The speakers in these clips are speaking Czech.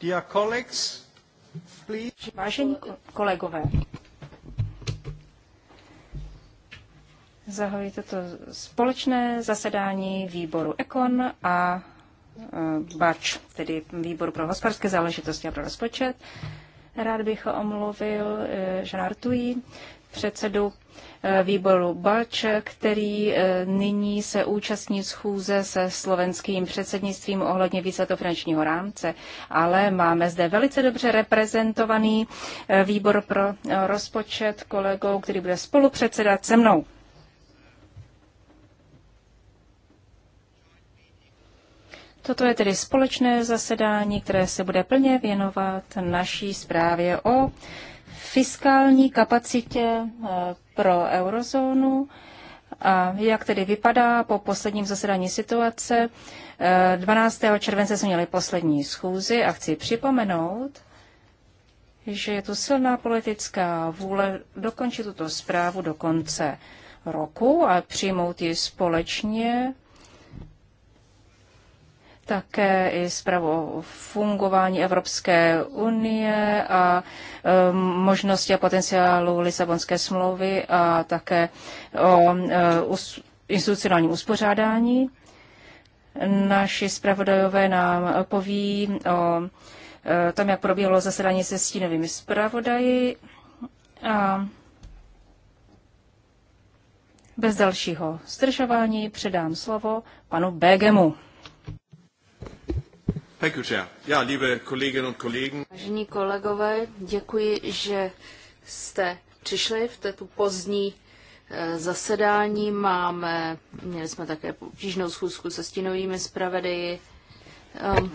Dear colleagues, please. Vážení kolegové, zahajuji toto společné zasedání výboru Ekon a eh, BAČ, tedy výboru pro hospodářské záležitosti a pro rozpočet. Rád bych omluvil eh, Žana Artují, předsedu eh, výboru Balče, který eh, nyní se účastní schůze se slovenským předsednictvím ohledně finančního rámce. Ale máme zde velice dobře reprezentovaný eh, výbor pro rozpočet kolegou, který bude spolupředsedat se mnou. Toto je tedy společné zasedání, které se bude plně věnovat naší zprávě o fiskální kapacitě eh, pro eurozónu a jak tedy vypadá po posledním zasedání situace. 12. Eh, července jsme měli poslední schůzi a chci připomenout, že je tu silná politická vůle dokončit tuto zprávu do konce roku a přijmout ji společně také i zprávu o fungování Evropské unie a e, možnosti a potenciálu Lisabonské smlouvy a také o e, us, institucionálním uspořádání. Naši zpravodajové nám poví o e, tom, jak probíhalo zasedání se stínovými zpravodaji. A bez dalšího zdržování předám slovo panu Begemu. Thank you, Chair. Ja, liebe Kolleginnen und Kollegen. Vážení kolegové, děkuji, že jste přišli v této pozdní eh, zasedání. Máme, měli jsme také obtížnou schůzku se stínovými zpravodaji. Um,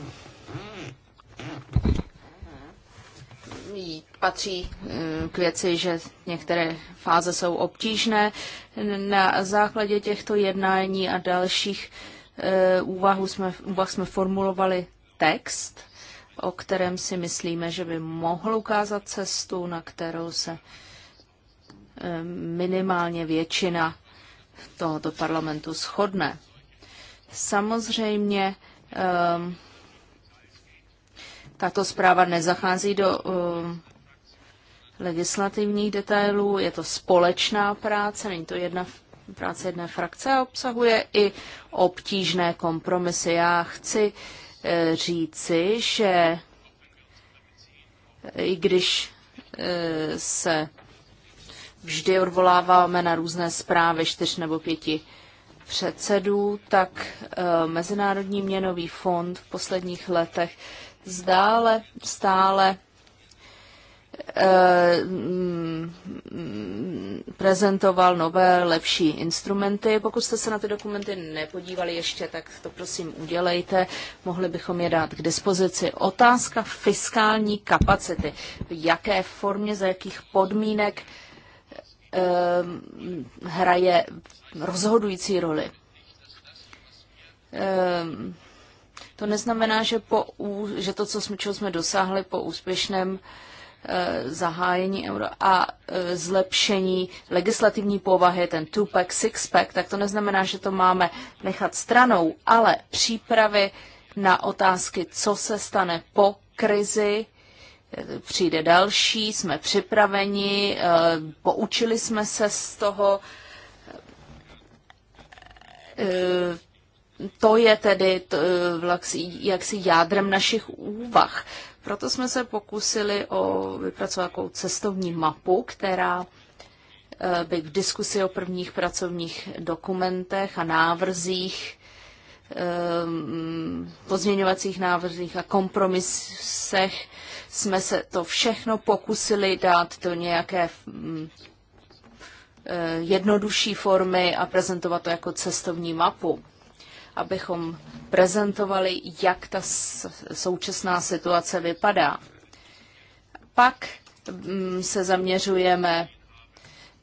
patří eh, k věci, že některé fáze jsou obtížné. Na základě těchto jednání a dalších eh, úvahu jsme, úvah jsme formulovali text, o kterém si myslíme, že by mohl ukázat cestu, na kterou se eh, minimálně většina tohoto parlamentu shodne. Samozřejmě ehm, tato zpráva nezachází do ehm, legislativních detailů, je to společná práce, není to jedna práce jedné frakce obsahuje i obtížné kompromisy. Já chci uh, Eh, říci, že i když eh, se vždy odvoláváme na různé zprávy čtyř nebo pěti předsedů, tak eh, Mezinárodní měnový fond v posledních letech zdále stále Eh, mm, prezentoval nové, lepší instrumenty. Pokud jste se na ty dokumenty nepodívali ještě, tak to prosím udělejte. Mohli bychom je dát k dispozici. Otázka fiskální kapacity. V jaké formě, za jakých podmínek eh, hraje rozhodující roli. Eh, to neznamená, že, po, že to, co jsme, čeho jsme dosáhli po úspěšném Eh, zahájení euro a eh, zlepšení legislativní povahy, ten two-pack, six-pack, tak to neznamená, že to máme nechat stranou, ale přípravy na otázky, co se stane po krizi, eh, přijde další, jsme připraveni, poučili jsme se z toho. To je tedy jaksi jádrem našich úvah. Proto jsme se pokusili o vypracovat takovou cestovní mapu, která eh, by v diskusi o prvních pracovních dokumentech a návrzích, eh, pozměňovacích návrzích a kompromisech jsme se to všechno pokusili dát do nějaké mm, eh, jednodušší formy a prezentovat to jako cestovní mapu abychom prezentovali, jak ta současná situace vypadá. Pak mm, se zaměřujeme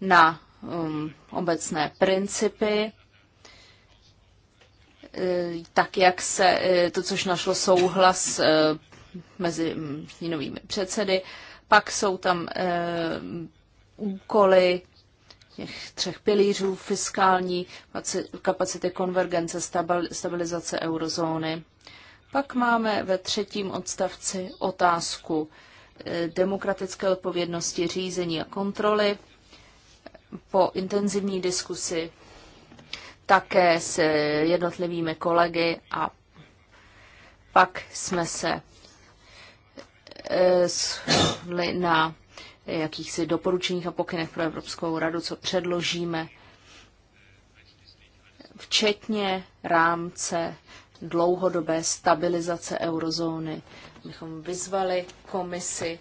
na um, obecné principy, e, tak jak se e, to, což našlo souhlas e, mezi mm, jinovými předsedy, pak jsou tam úkoly těch třech pilířů, fiskální kapacity konvergence, stabilizace eurozóny. Pak máme ve třetím odstavci otázku eh, demokratické odpovědnosti, řízení a kontroly. Po intenzivní diskusi také s jednotlivými kolegy a pak jsme se eh, shodli na jakýchsi doporučeních a pokynech pro Evropskou radu, co předložíme, včetně rámce dlouhodobé stabilizace eurozóny. Bychom vyzvali komisi,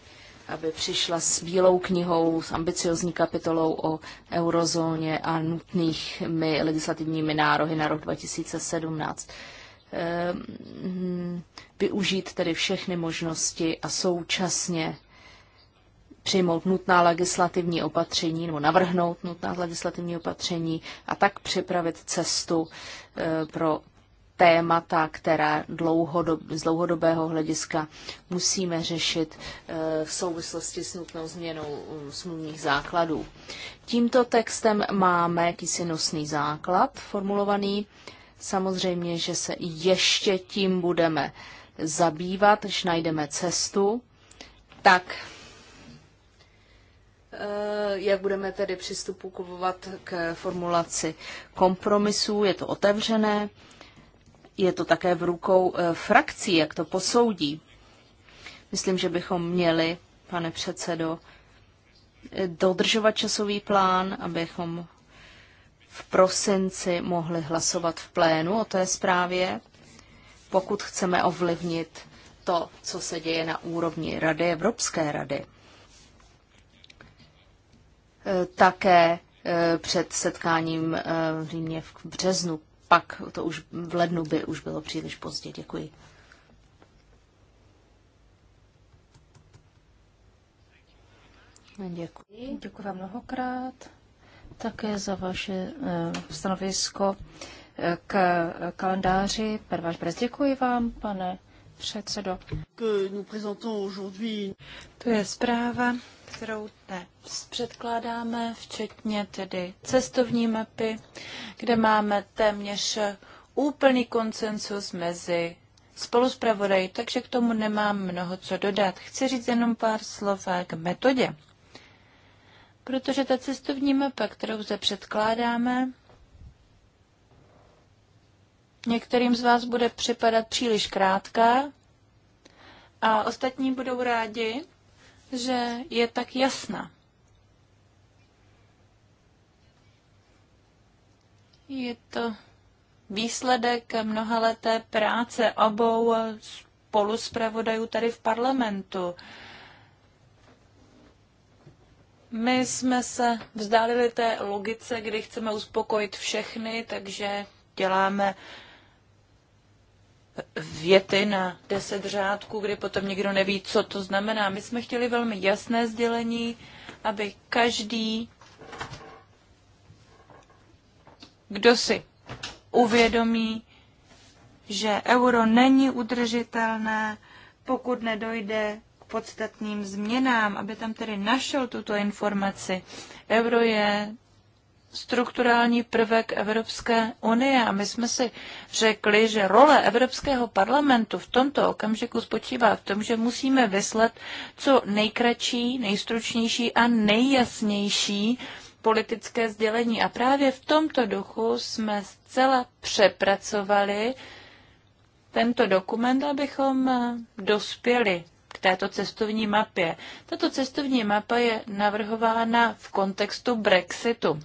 aby přišla s bílou knihou, s ambiciozní kapitolou o eurozóně a nutnými legislativními nárohy na rok 2017. Ehm, využít tedy všechny možnosti a současně přijmout nutná legislativní opatření nebo navrhnout nutná legislativní opatření a tak připravit cestu e, pro témata, která dlouhodob, z dlouhodobého hlediska musíme řešit e, v souvislosti s nutnou změnou um, smluvních základů. Tímto textem máme jakýsi nosný základ formulovaný. Samozřejmě, že se ještě tím budeme zabývat, když najdeme cestu, tak Eh, jak budeme tedy přistupovat k formulaci kompromisů. Je to otevřené, je to také v rukou eh, frakcí, jak to posoudí. Myslím, že bychom měli, pane předsedo, eh, dodržovat časový plán, abychom v prosinci mohli hlasovat v plénu o té zprávě, pokud chceme ovlivnit to, co se děje na úrovni Rady Evropské rady také eh, před setkáním eh, v Římě v březnu. Pak to už v lednu by už bylo příliš pozdě. Děkuji. Děkuji. Děkuji vám mnohokrát také za vaše eh, stanovisko k kalendáři. Prváš Brez, děkuji vám, pane předsedo. To je zpráva, kterou dnes předkládáme, včetně tedy cestovní mapy, kde máme téměř úplný koncensus mezi spoluspravodají, takže k tomu nemám mnoho co dodat. Chci říct jenom pár slov k metodě. Protože ta cestovní mapa, kterou zde předkládáme, některým z vás bude připadat příliš krátká a ostatní budou rádi, že je tak jasná. Je to výsledek mnohaleté práce obou spoluzpravodajů tady v parlamentu. My jsme se vzdálili té logice, kdy chceme uspokojit všechny, takže děláme uh, věty na deset řádků, kdy potom nikdo neví, co to znamená. My jsme chtěli velmi jasné sdělení, aby každý, kdo si uvědomí, že euro není udržitelné, pokud nedojde k podstatným změnám, aby tam tedy našel tuto informaci. Euro je strukturální prvek Evropské unie a my jsme si řekli, že role Evropského parlamentu v tomto okamžiku spočívá v tom, že musíme vyslat co nejkratší, nejstručnější a nejjasnější politické sdělení. A právě v tomto duchu jsme zcela přepracovali tento dokument, abychom dospěli k této cestovní mapě. Tato cestovní mapa je navrhována v kontextu Brexitu.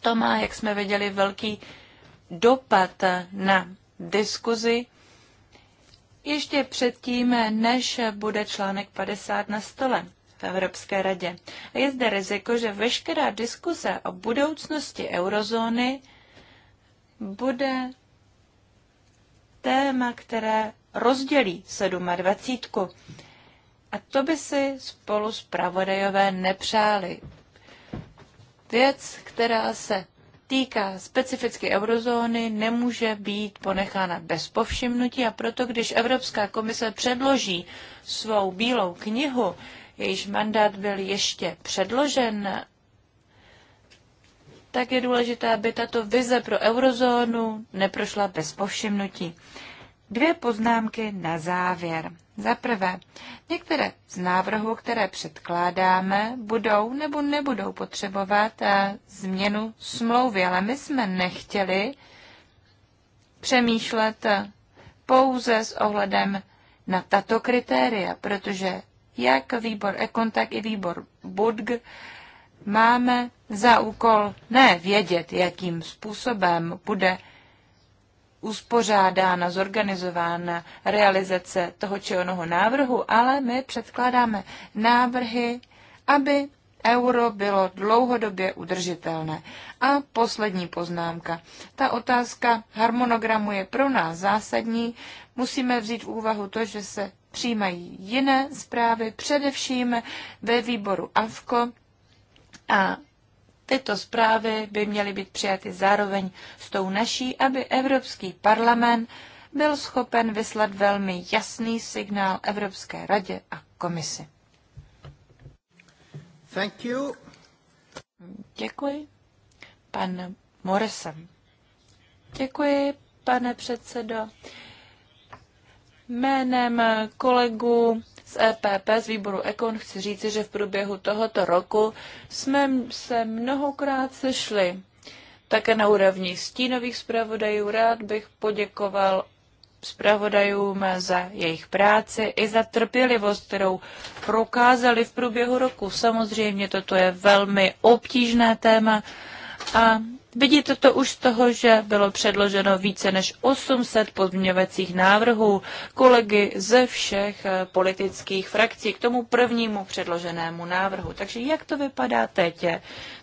To má, jak jsme viděli, velký dopad na diskuzi ještě předtím, než bude článek 50 na stole v Evropské radě. A je zde riziko, že veškerá diskuze o budoucnosti eurozóny bude téma, které rozdělí 27. A to by si spolu s zpravodajové nepřáli. Věc, která se týká specificky eurozóny, nemůže být ponechána bez povšimnutí a proto, když Evropská komise předloží svou bílou knihu, jejíž mandát byl ještě předložen, tak je důležité, aby tato vize pro eurozónu neprošla bez povšimnutí. Dvě poznámky na závěr. Za prvé, některé z návrhů, které předkládáme, budou nebo nebudou potřebovat eh, změnu smlouvy, ale my jsme nechtěli přemýšlet eh, pouze s ohledem na tato kritéria, protože jak výbor Ekon, tak i výbor Budg máme za úkol ne vědět, jakým způsobem bude uspořádána, zorganizována realizace toho či onoho návrhu, ale my předkládáme návrhy, aby euro bylo dlouhodobě udržitelné. A poslední poznámka. Ta otázka harmonogramu je pro nás zásadní. Musíme vzít v úvahu to, že se přijímají jiné zprávy, především ve výboru AVKO a Tyto zprávy by měly být přijaty zároveň s tou naší, aby Evropský parlament byl schopen vyslat velmi jasný signál Evropské radě a komisi. Thank you. Děkuji. Pan Morrison. Děkuji, pane předsedo. Jménem kolegů z EPP, z výboru Ekon, chci říci, že v průběhu tohoto roku jsme se mnohokrát sešli. Také na úrovni stínových zpravodajů rád bych poděkoval zpravodajům za jejich práci i za trpělivost, kterou prokázali v průběhu roku. Samozřejmě toto je velmi obtížné téma a vidíte to už z toho, že bylo předloženo více než 800 pozměňovacích návrhů kolegy ze všech eh, politických frakcí k tomu prvnímu předloženému návrhu. Takže jak to vypadá teď?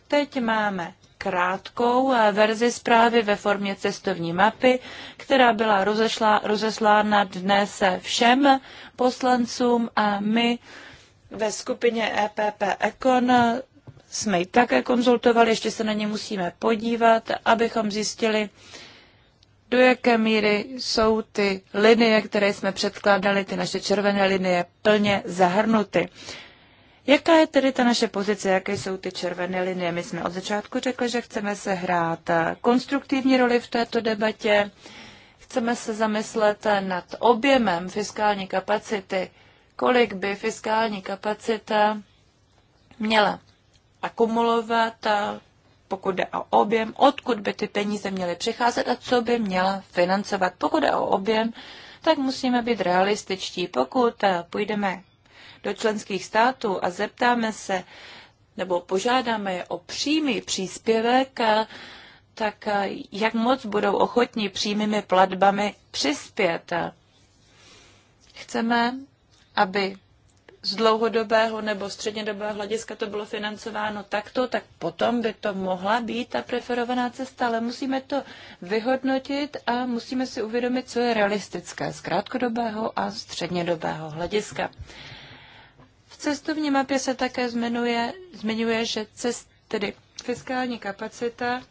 Teď máme krátkou eh, verzi zprávy ve formě cestovní mapy, která byla rozešla, rozeslána dnes všem poslancům a my ve skupině EPP Econ jsme ji také konzultovali, ještě se na ně musíme podívat, abychom zjistili, do jaké míry jsou ty linie, které jsme předkládali, ty naše červené linie, plně zahrnuty. Jaká je tedy ta naše pozice, jaké jsou ty červené linie? My jsme od začátku řekli, že chceme se hrát konstruktivní roli v této debatě, chceme se zamyslet nad objemem fiskální kapacity, kolik by fiskální kapacita měla akumulovat, a pokud jde o objem, odkud by ty peníze měly přicházet a co by měla financovat. Pokud jde o objem, tak musíme být realističtí. Pokud eh, půjdeme do členských států a zeptáme se, nebo požádáme je o přímý příspěvek, eh, tak eh, jak moc budou ochotní přímými platbami přispět? Chceme, aby z dlouhodobého nebo střednědobého hlediska to bylo financováno takto, tak potom by to mohla být ta preferovaná cesta, ale musíme to vyhodnotit a musíme si uvědomit, co je realistické z krátkodobého a střednědobého hlediska. V cestovní mapě se také zmenuje, zmiňuje že cest, tedy fiskální kapacita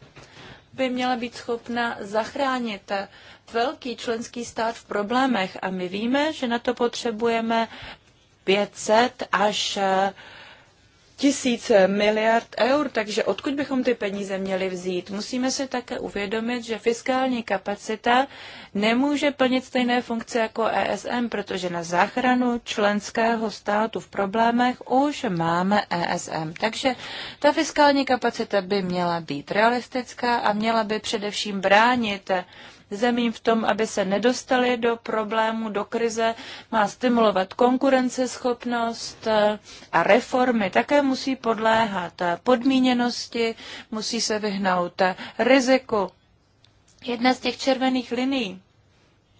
by měla být schopna zachránit velký členský stát v problémech a my víme, že na to potřebujeme 500 až eh, tisíc miliard eur, takže odkud bychom ty peníze měli vzít? Musíme se také uvědomit, že fiskální kapacita nemůže plnit stejné funkce jako ESM, protože na záchranu členského státu v problémech už máme ESM. Takže ta fiskální kapacita by měla být realistická a měla by především bránit zemím v tom, aby se nedostali do problému, do krize, má stimulovat konkurenceschopnost eh, a reformy také musí podléhat eh, podmíněnosti, musí se vyhnout eh, riziku. Jedna z těch červených linií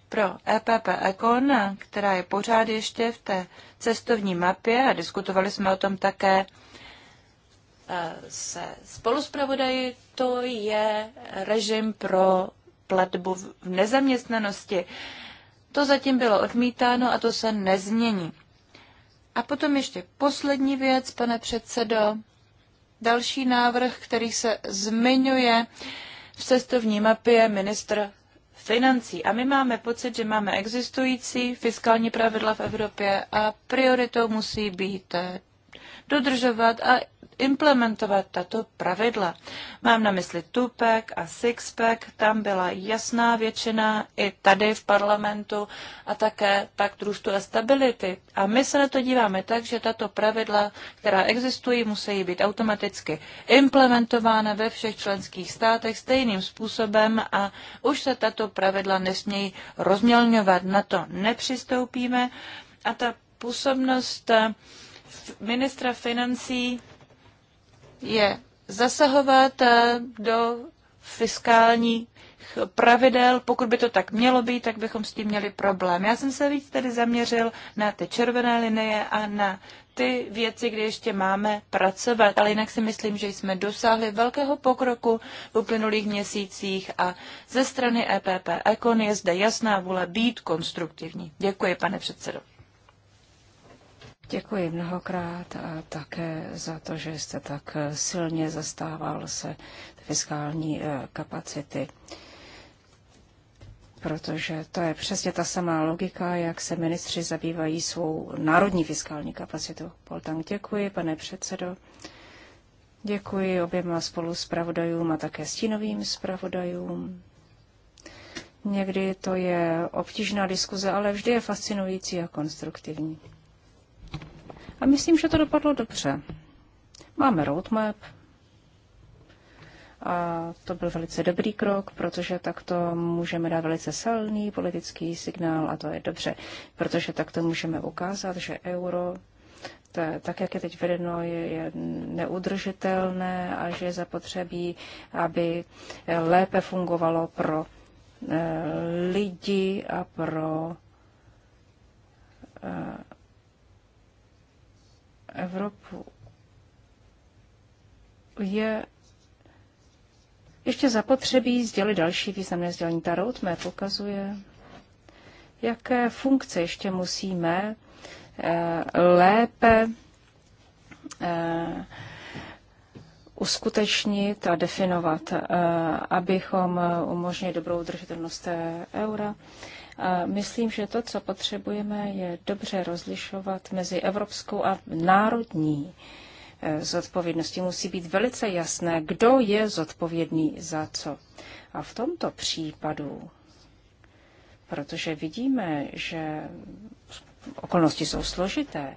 pro EPP Econ, která je pořád ještě v té cestovní mapě a diskutovali jsme o tom také se spoluspravodají, to je režim pro platbu v nezaměstnanosti. To zatím bylo odmítáno a to se nezmění. A potom ještě poslední věc, pane předsedo. Další návrh, který se zmiňuje v cestovní mapě ministr financí. A my máme pocit, že máme existující fiskální pravidla v Evropě a prioritou musí být eh, dodržovat a implementovat tato pravidla. Mám na mysli Tupek a Sixpack, tam byla jasná většina i tady v parlamentu a také pak růstu a stability. A my se na to díváme tak, že tato pravidla, která existují, musí být automaticky implementována ve všech členských státech stejným způsobem a už se tato pravidla nesmějí rozmělňovat. Na to nepřistoupíme a ta působnost ministra financí je zasahovat eh, do fiskálních pravidel. Pokud by to tak mělo být, tak bychom s tím měli problém. Já jsem se víc tedy zaměřil na ty červené linie a na ty věci, kde ještě máme pracovat. Ale jinak si myslím, že jsme dosáhli velkého pokroku v uplynulých měsících a ze strany EPP Econ je zde jasná vůle být konstruktivní. Děkuji, pane předsedo. Děkuji mnohokrát a také za to, že jste tak eh, silně zastával se fiskální eh, kapacity. Protože to je přesně ta samá logika, jak se ministři zabývají svou národní fiskální kapacitu. Poltang, děkuji, pane předsedo. Děkuji oběma spolu zpravodajům a také stínovým zpravodajům. Někdy to je obtížná diskuze, ale vždy je fascinující a konstruktivní. A myslím, že to dopadlo dobře. Máme roadmap, a to byl velice dobrý krok, protože takto můžeme dát velice silný politický signál a to je dobře, protože takto můžeme ukázat, že euro, tak jak je teď vedeno, je, je neudržitelné a že je zapotřebí, aby lépe fungovalo pro e, lidi a pro e, Evropu je ještě zapotřebí sdělit další významné sdělení. Ta roadmap ukazuje, jaké funkce ještě musíme eh, lépe eh, uskutečnit a definovat, eh, abychom umožnili dobrou udržitelnost eura, myslím, že to, co potřebujeme, je dobře rozlišovat mezi evropskou a národní e, zodpovědností. Musí být velice jasné, kdo je zodpovědný za co. A v tomto případu, protože vidíme, že okolnosti jsou složité,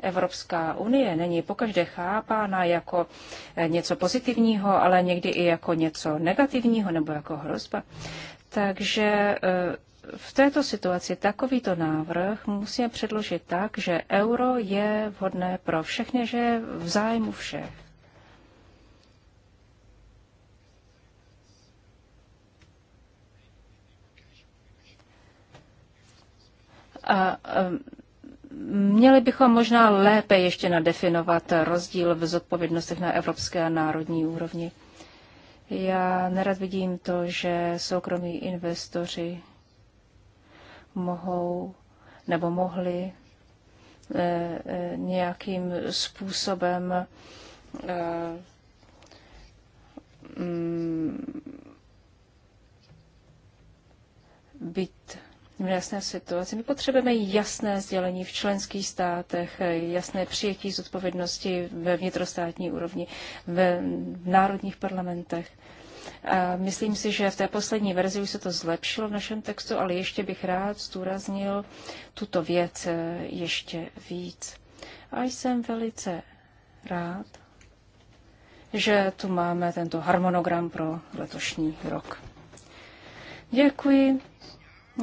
Evropská unie není pokaždé chápána jako e, něco pozitivního, ale někdy i jako něco negativního nebo jako hrozba. Takže e, v této situaci takovýto návrh musíme předložit tak, že euro je vhodné pro všechny, že je v zájmu všech. A měli bychom možná lépe ještě nadefinovat rozdíl v zodpovědnostech na evropské a národní úrovni. Já nerad vidím to, že soukromí investoři mohou nebo mohli eh, eh, nějakým způsobem eh, mm, být v jasné situaci. My potřebujeme jasné sdělení v členských státech, jasné přijetí zodpovědnosti ve vnitrostátní úrovni, v národních parlamentech. Myslím si, že v té poslední verzi už se to zlepšilo v našem textu, ale ještě bych rád zdůraznil tuto věc e, ještě víc. A jsem velice rád, že tu máme tento harmonogram pro letošní rok. Děkuji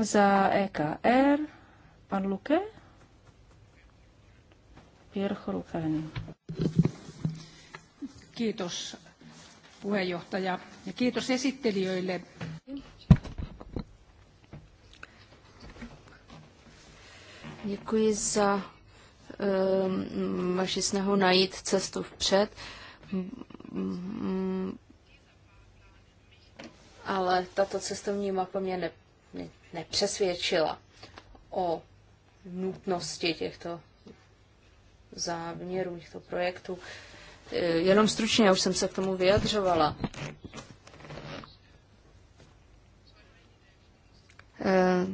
za EKR. Pan Luke? Pierre Horukainen. Kiitos puheenjohtaja ja kiitos esittelijöille. Děkuji za um, vaši snahu najít cestu vpřed, um, ale tato cestovní mapa mě ne, ne, nepřesvědčila o nutnosti těchto záměrů, těchto projektů. Uh, Eh, jenom stručně, já už jsem se k tomu vyjadřovala. Eh,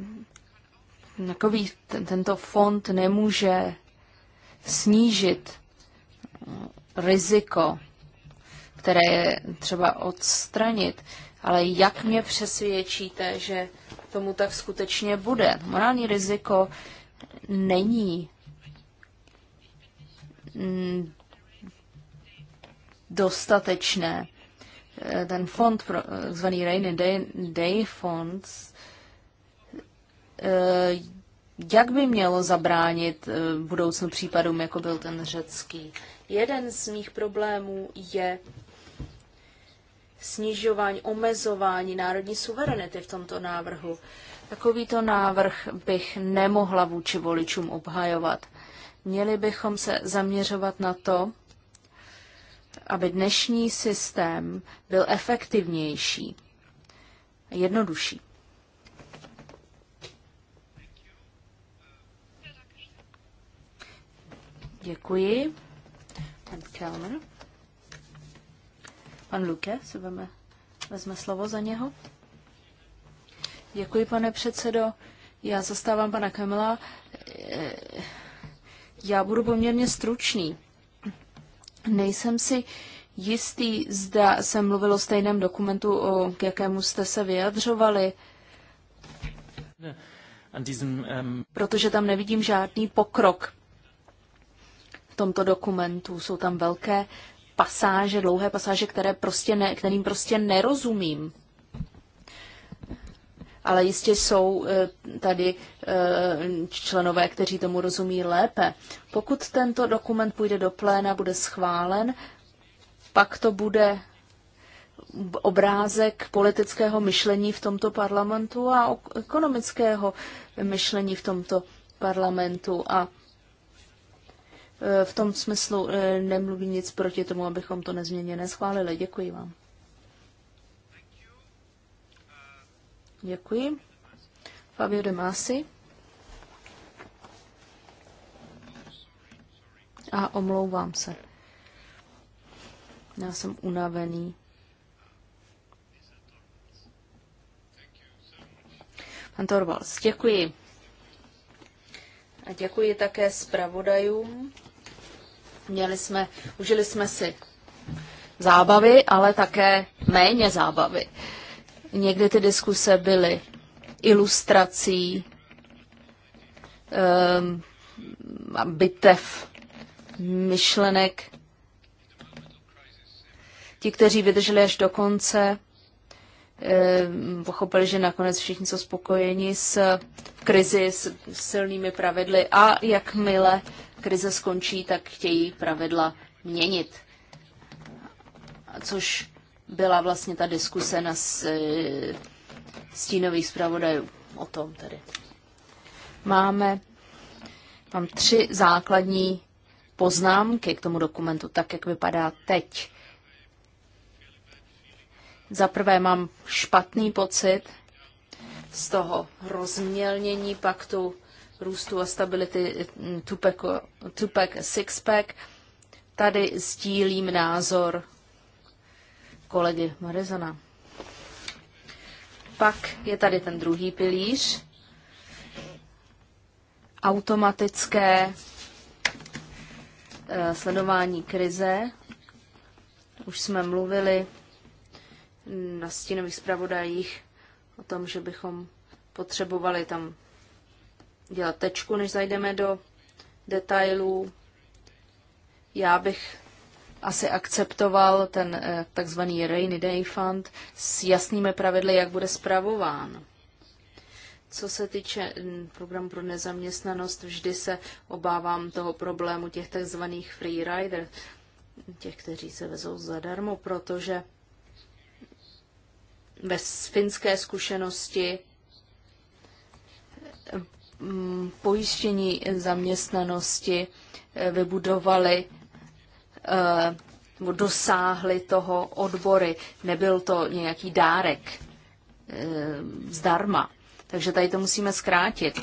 takový ten, tento fond nemůže snížit eh, riziko, které je třeba odstranit, ale jak mě přesvědčíte, že tomu tak skutečně bude? Morální riziko není mm, dostatečné. Eh, ten fond, pro, eh, zvaný Rainy Day, Day Fonds, eh, jak by mělo zabránit budoucnu případům, jako byl ten řecký? Jeden z mých problémů je snižování, omezování národní suverenity v tomto návrhu. Takovýto návrh bych nemohla vůči voličům obhajovat. Měli bychom se zaměřovat na to, aby dnešní systém byl efektivnější a jednodušší. Děkuji. Pan Kellner. Pan Luke se veme, vezme slovo za něho. Děkuji, pane předsedo. Já zastávám pana Kemela. Já budu poměrně stručný. Nejsem si jistý, zda se mluvilo o stejném dokumentu, o k jakému jste se vyjadřovali. Ähm, Protože tam nevidím žádný pokrok v tomto dokumentu. Jsou tam velké pasáže, dlouhé pasáže, které prostě ne, kterým prostě nerozumím ale jistě jsou eh, tady eh, členové, kteří tomu rozumí lépe. Pokud tento dokument půjde do pléna, bude schválen, pak to bude obrázek politického myšlení v tomto parlamentu a ekonomického myšlení v tomto parlamentu. A eh, v tom smyslu nemluvím nic proti tomu, abychom to nezměně neschválili. Děkuji vám. Děkuji. Fabio De Masi. A omlouvám se. Já jsem unavený. Pan Torvalds, děkuji. A děkuji také zpravodajům. Měli jsme, užili jsme si zábavy, ale také méně zábavy. Uh, Někdy ty diskuse byly ilustrací um, bitev myšlenek. Ti, kteří vydrželi až do konce, ehm, pochopili, že nakonec všichni jsou spokojeni s krizi, s silnými pravidly a jakmile krize skončí, tak chtějí pravidla měnit. Což byla vlastně ta diskuse na e, stínových zpravodajů o tom tedy. Máme tam tři základní poznámky k tomu dokumentu, tak jak vypadá teď. Za prvé mám špatný pocit z toho rozmělnění paktu růstu a stability e, Tupac Sixpack. Tady sdílím názor kolegy Marizana. Pak je tady ten druhý pilíř, automatické eh, sledování krize. Už jsme mluvili na stínových zpravodajích o tom, že bychom potřebovali tam dělat tečku, než zajdeme do detailů. Já bych asi akceptoval ten eh, takzvaný Rainy Day Fund s jasnými pravidly, jak bude spravován. Co se týče mm, programu pro nezaměstnanost, vždy se obávám toho problému těch takzvaných freerider, těch, kteří se vezou zadarmo, protože ve finské zkušenosti mm, pojištění zaměstnanosti eh, vybudovali Eh, dosáhly toho odbory. Nebyl to nějaký dárek eh, zdarma. Takže tady to musíme zkrátit,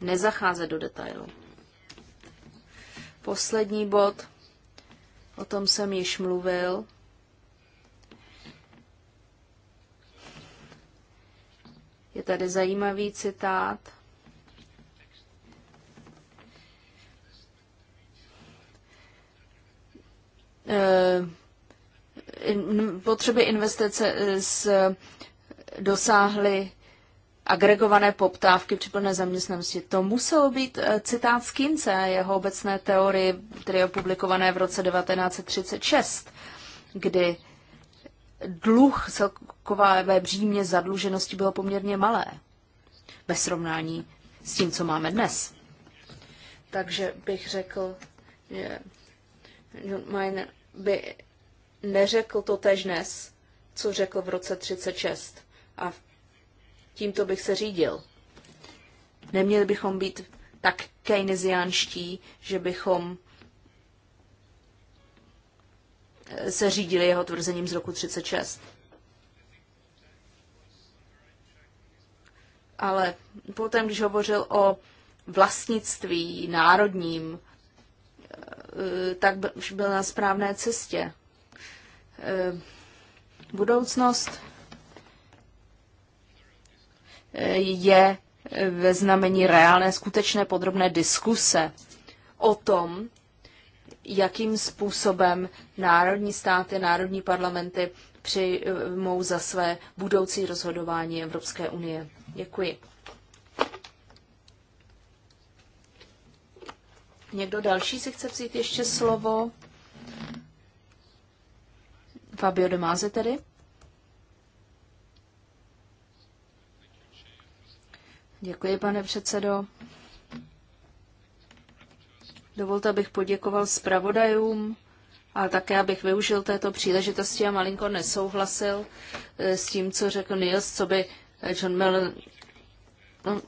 nezacházet do detailu. Poslední bod, o tom jsem již mluvil. Je tady zajímavý citát. Eh, potřeby investice z, eh, dosáhly agregované poptávky při plné zaměstnanosti. To muselo být eh, citát z Kince a jeho obecné teorie, které je opublikované v roce 1936, kdy dluh celkové břímě zadluženosti bylo poměrně malé ve srovnání s tím, co máme dnes. Takže bych řekl, že John Miner by neřekl to tež dnes, co řekl v roce 36. A tímto bych se řídil. Neměli bychom být tak keynesiánští, že bychom eh, se řídili jeho tvrzením z roku 36. Ale potom, když hovořil o vlastnictví národním, Eh, tak byl na správné cestě. Eh, budoucnost eh, je ve znamení reálné, skutečné podrobné diskuse o tom, jakým způsobem národní státy, národní parlamenty přijmou za své budoucí rozhodování Evropské unie. Děkuji. Někdo další si chce vzít ještě slovo? Fabio de Máze tedy. Děkuji, pane předsedo. Dovolte, abych poděkoval zpravodajům, a také abych využil této příležitosti a malinko nesouhlasil eh, s tím, co řekl Niels, co by John Mel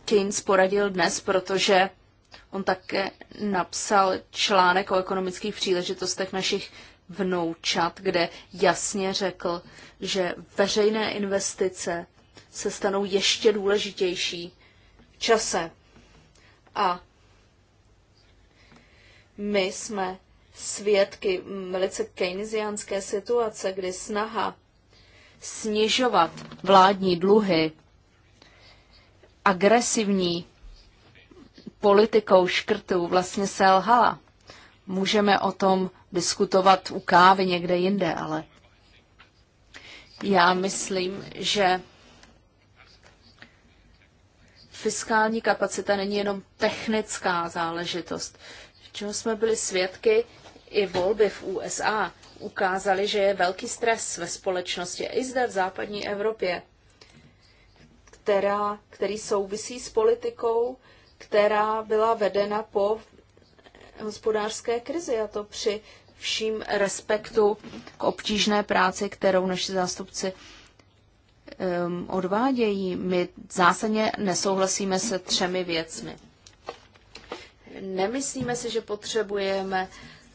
Keynes poradil dnes, protože On také napsal článek o ekonomických příležitostech našich vnoučat, kde jasně řekl, že veřejné investice se stanou ještě důležitější v čase. A my jsme svědky velice keynesiánské situace, kdy snaha snižovat vládní dluhy, agresivní politikou škrtů vlastně selhala. Můžeme o tom diskutovat u kávy někde jinde, ale já myslím, že fiskální kapacita není jenom technická záležitost. Čeho jsme byli svědky, i volby v USA ukázaly, že je velký stres ve společnosti i zde v západní Evropě, která, který souvisí s politikou, která byla vedena po hospodářské krizi a to při vším respektu k obtížné práci, kterou naši zástupci um, odvádějí. My zásadně nesouhlasíme se třemi věcmi. Nemyslíme si, že potřebujeme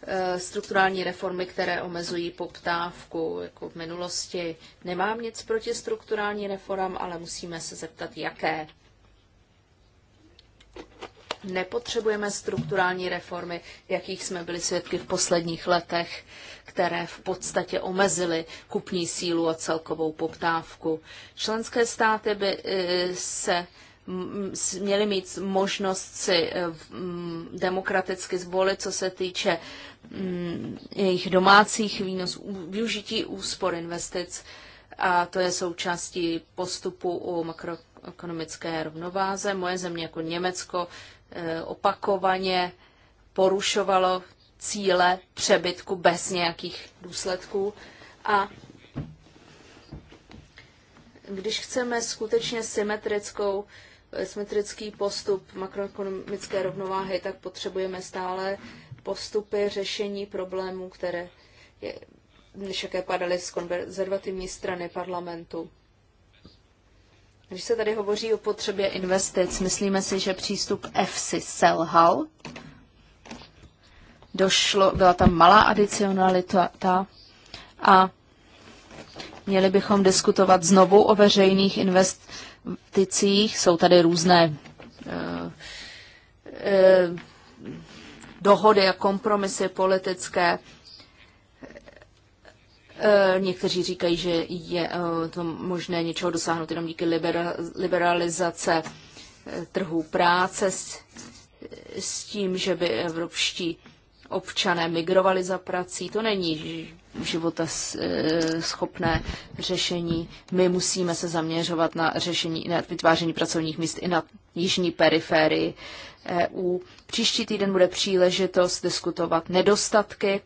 eh, strukturální reformy, které omezují poptávku, jako v minulosti. Nemám nic proti strukturální reformám, ale musíme se zeptat, jaké. Nepotřebujeme strukturální reformy, jakých jsme byli svědky v posledních letech, které v podstatě omezily kupní sílu a celkovou poptávku. Členské státy by e, se měli mít možnost si e, demokraticky zvolit, co se týče mm, jejich domácích výnosů, využití úspor investic a to je součástí postupu u makro ekonomické rovnováze. Moje země jako Německo eh, opakovaně porušovalo cíle přebytku bez nějakých důsledků. A když chceme skutečně symetrickou, eh, symetrický postup makroekonomické rovnováhy, tak potřebujeme stále postupy řešení problémů, které je, než jaké padaly z konzervativní strany parlamentu. Když se tady hovoří o potřebě investic, myslíme si, že přístup EFSI selhal. Došlo, byla tam malá adicionalita a měli bychom diskutovat znovu o veřejných investicích. Jsou tady různé eh, eh, dohody a kompromisy politické Eh, někteří říkají, že je eh, to možné něčeho dosáhnout jenom díky liberalizace eh, trhu práce s, s tím, že by evropští občané migrovali za prací. To není života schopné řešení. My musíme se zaměřovat na řešení, na vytváření pracovních míst i na jižní periférii EU. Příští týden bude příležitost diskutovat nedostatky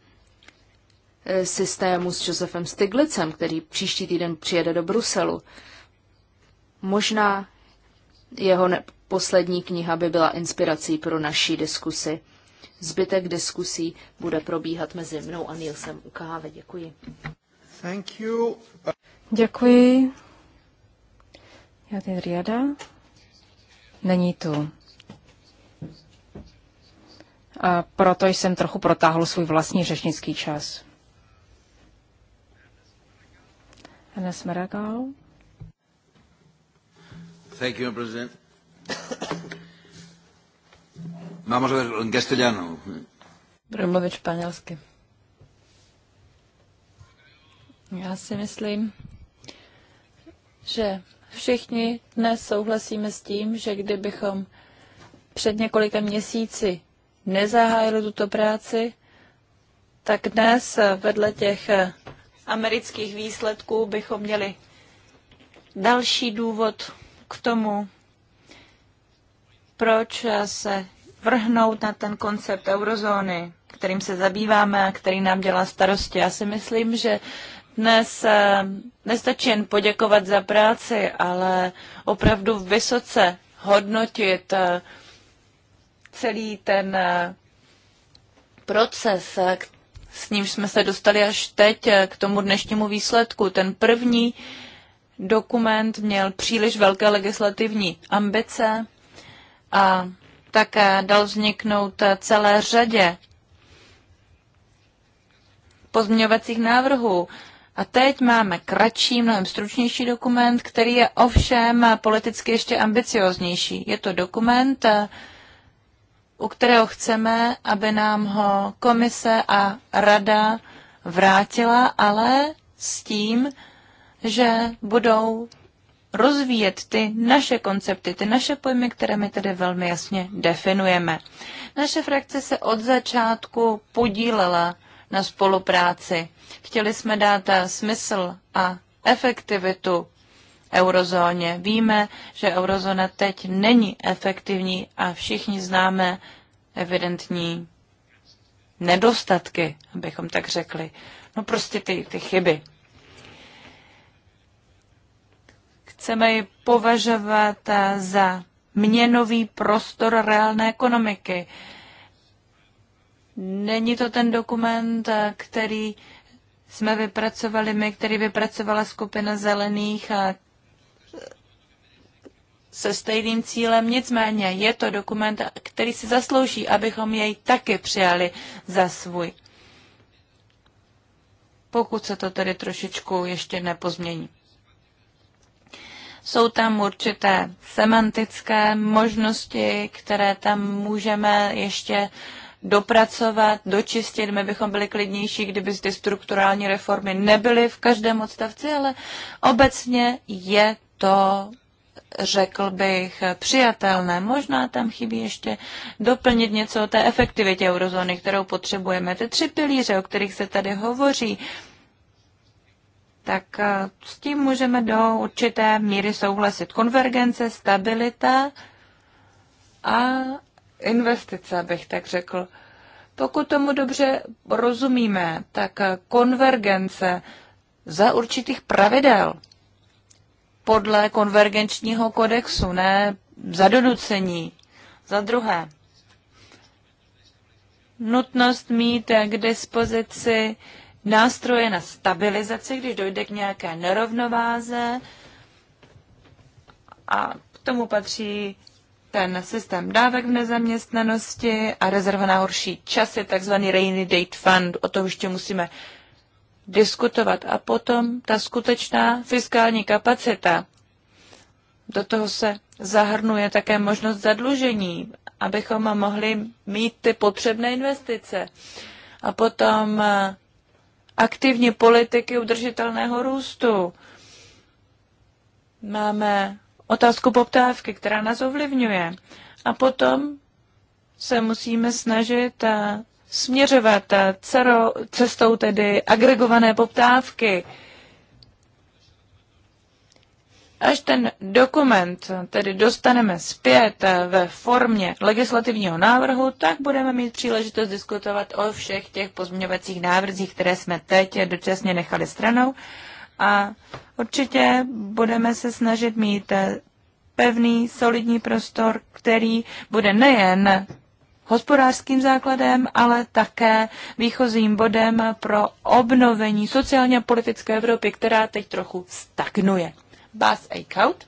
Eh, systému s Josefem Stiglicem, který příští týden přijede do Bruselu. Možná jeho poslední kniha by byla inspirací pro naší diskusi. Zbytek diskusí bude probíhat mezi mnou a Nilsem u kávy. Děkuji. Thank you. Děkuji. Já ten Riada. Není tu. A proto jsem trochu protáhl svůj vlastní řečnický čas. Hannes Maragal. Thank you, President. Vamos a ver en castellano. Budu mluvit španělsky. Já si myslím, že všichni dnes souhlasíme s tím, že kdybychom před několika měsíci nezahájili tuto práci, tak dnes vedle těch amerických výsledků bychom měli další důvod k tomu, proč se vrhnout na ten koncept eurozóny, kterým se zabýváme a který nám dělá starosti. Já si myslím, že dnes eh, nestačí jen poděkovat za práci, ale opravdu vysoce hodnotit eh, celý ten eh, proces, s nímž jsme se dostali až teď eh, k tomu dnešnímu výsledku. Ten první dokument měl příliš velké legislativní ambice a také dal vzniknout eh, celé řadě pozměňovacích návrhů. A teď máme kratší, mnohem stručnější dokument, který je ovšem politicky ještě ambicioznější. Je to dokument, eh, u kterého chceme, aby nám ho komise a rada vrátila, ale s tím, že budou rozvíjet ty naše koncepty, ty naše pojmy, které my tedy velmi jasně definujeme. Naše frakce se od začátku podílela na spolupráci. Chtěli jsme dát smysl a efektivitu eurozóně. Víme, že eurozóna teď není efektivní a všichni známe evidentní nedostatky, abychom tak řekli. No prostě ty, ty chyby. Chceme ji považovat za měnový prostor reálné ekonomiky. Není to ten dokument, který jsme vypracovali my, který vypracovala skupina zelených a se stejným cílem, nicméně je to dokument, který si zaslouží, abychom jej taky přijali za svůj. Pokud se to tedy trošičku ještě nepozmění. Jsou tam určité semantické možnosti, které tam můžeme ještě dopracovat, dočistit. My bychom byli klidnější, kdyby ty strukturální reformy nebyly v každém odstavci, ale obecně je to řekl bych, přijatelné. Možná tam chybí ještě doplnit něco o té efektivitě eurozóny, kterou potřebujeme. Ty tři pilíře, o kterých se tady hovoří, tak eh, s tím můžeme do určité míry souhlasit. Konvergence, stabilita a investice, bych tak řekl. Pokud tomu dobře rozumíme, tak eh, konvergence za určitých pravidel – podle konvergenčního kodexu, ne za donucení. Za druhé, nutnost mít k dispozici nástroje na stabilizaci, když dojde k nějaké nerovnováze. A k tomu patří ten systém dávek v nezaměstnanosti a rezerva na horší časy, takzvaný rainy date fund. O to ještě musíme diskutovat. A potom ta skutečná fiskální kapacita, do toho se zahrnuje také možnost zadlužení, abychom mohli mít ty potřebné investice. A potom eh, aktivní politiky udržitelného růstu. Máme otázku poptávky, která nás ovlivňuje. A potom se musíme snažit eh, směřovat cestou tedy agregované poptávky. Až ten dokument tedy dostaneme zpět ve formě legislativního návrhu, tak budeme mít příležitost diskutovat o všech těch pozměňovacích návrzích, které jsme teď dočasně nechali stranou. A určitě budeme se snažit mít pevný, solidní prostor, který bude nejen hospodářským základem, ale také výchozím bodem pro obnovení sociálně a politické Evropy, která teď trochu stagnuje. Bas Eichhout.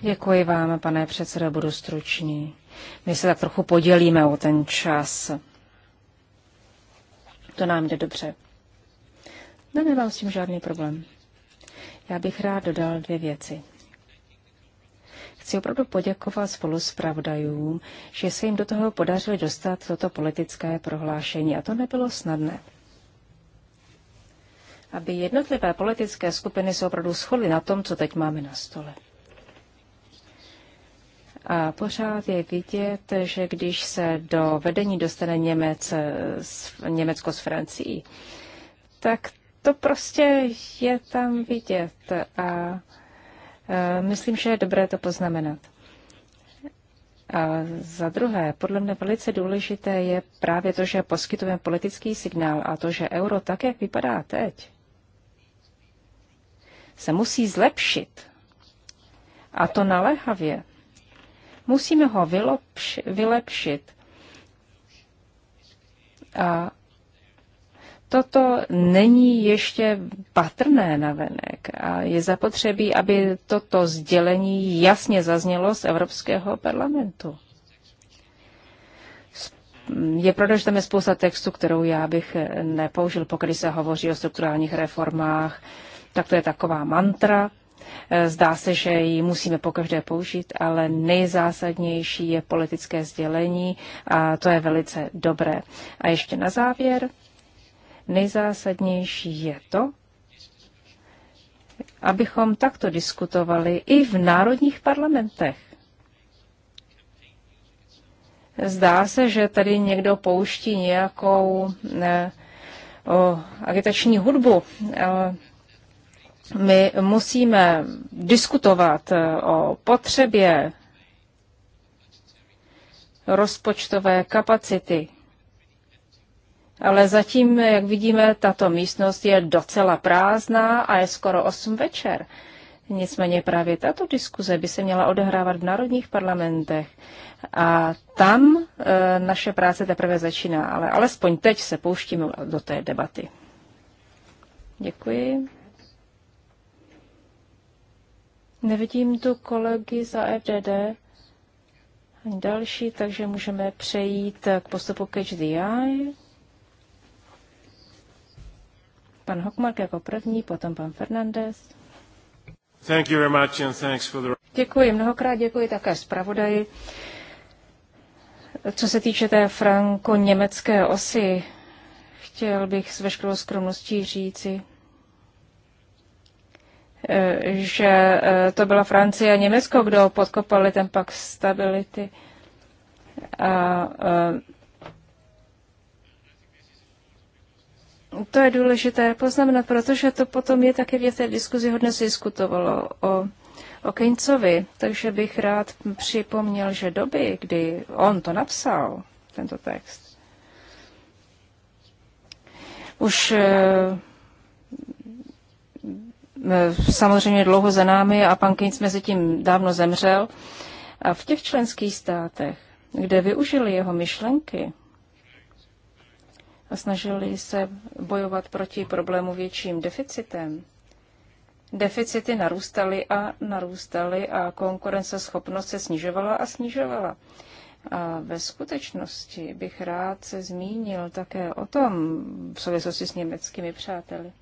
Děkuji vám, pane předsedo, budu stručný. My se tak trochu podělíme o ten čas. To nám jde dobře. Ne, nemám s tím žádný problém. Já bych rád dodal dvě věci chci opravdu poděkovat pravdajům, že se jim do toho podařilo dostat toto politické prohlášení. A to nebylo snadné. Aby jednotlivé politické skupiny se opravdu shodly na tom, co teď máme na stole. A pořád je vidět, že když se do vedení dostane Němec, Německo s Francií, tak to prostě je tam vidět. A Eh, myslím, že je dobré to poznamenat. A za druhé, podle mě velice důležité je právě to, že poskytujeme politický signál a to, že euro tak, jak vypadá teď, se musí zlepšit. A to naléhavě. Musíme ho vylepšit. A toto není ještě patrné na venek a je zapotřebí, aby toto sdělení jasně zaznělo z Evropského parlamentu. Je pravda, že tam je spousta textu, kterou já bych nepoužil, pokud se hovoří o strukturálních reformách, tak to je taková mantra. Zdá se, že ji musíme pokaždé použít, ale nejzásadnější je politické sdělení a to je velice dobré. A ještě na závěr nejzásadnější je to, abychom takto diskutovali i v národních parlamentech. Zdá se, že tady někdo pouští nějakou ne, eh, o, agitační hudbu. my musíme diskutovat eh, o potřebě rozpočtové kapacity ale zatím, jak vidíme, tato místnost je docela prázdná a je skoro 8 večer. Nicméně právě tato diskuze by se měla odehrávat v národních parlamentech a tam e, naše práce teprve začíná, ale alespoň teď se pouštíme do té debaty. Děkuji. Nevidím tu kolegy za FDD ani další, takže můžeme přejít k postupu Catch the Eye. Pan Hockmark jako první, potom pan Fernandez. Thank you very much and thanks for the... Děkuji mnohokrát, děkuji také zpravodaji. Co se týče té franko-německé osy, chtěl bych s veškerou skromností říci, eh, že eh, to byla Francie a Německo, kdo podkopali ten pak stability. A eh, to je důležité poznamenat, protože to potom je také v té diskuzi hodně se diskutovalo o, o Keynesovi, takže bych rád připomněl, že doby, kdy on to napsal, tento text, už eh, eh, samozřejmě dlouho za námi a pan Keynes mezi tím dávno zemřel. A v těch členských státech, kde využili jeho myšlenky, snažili se bojovat proti problému větším deficitem, deficity narůstaly a narůstaly a konkurenceschopnost se snižovala a snižovala. A ve skutečnosti bych rád se zmínil také o tom v souvislosti s německými přáteli.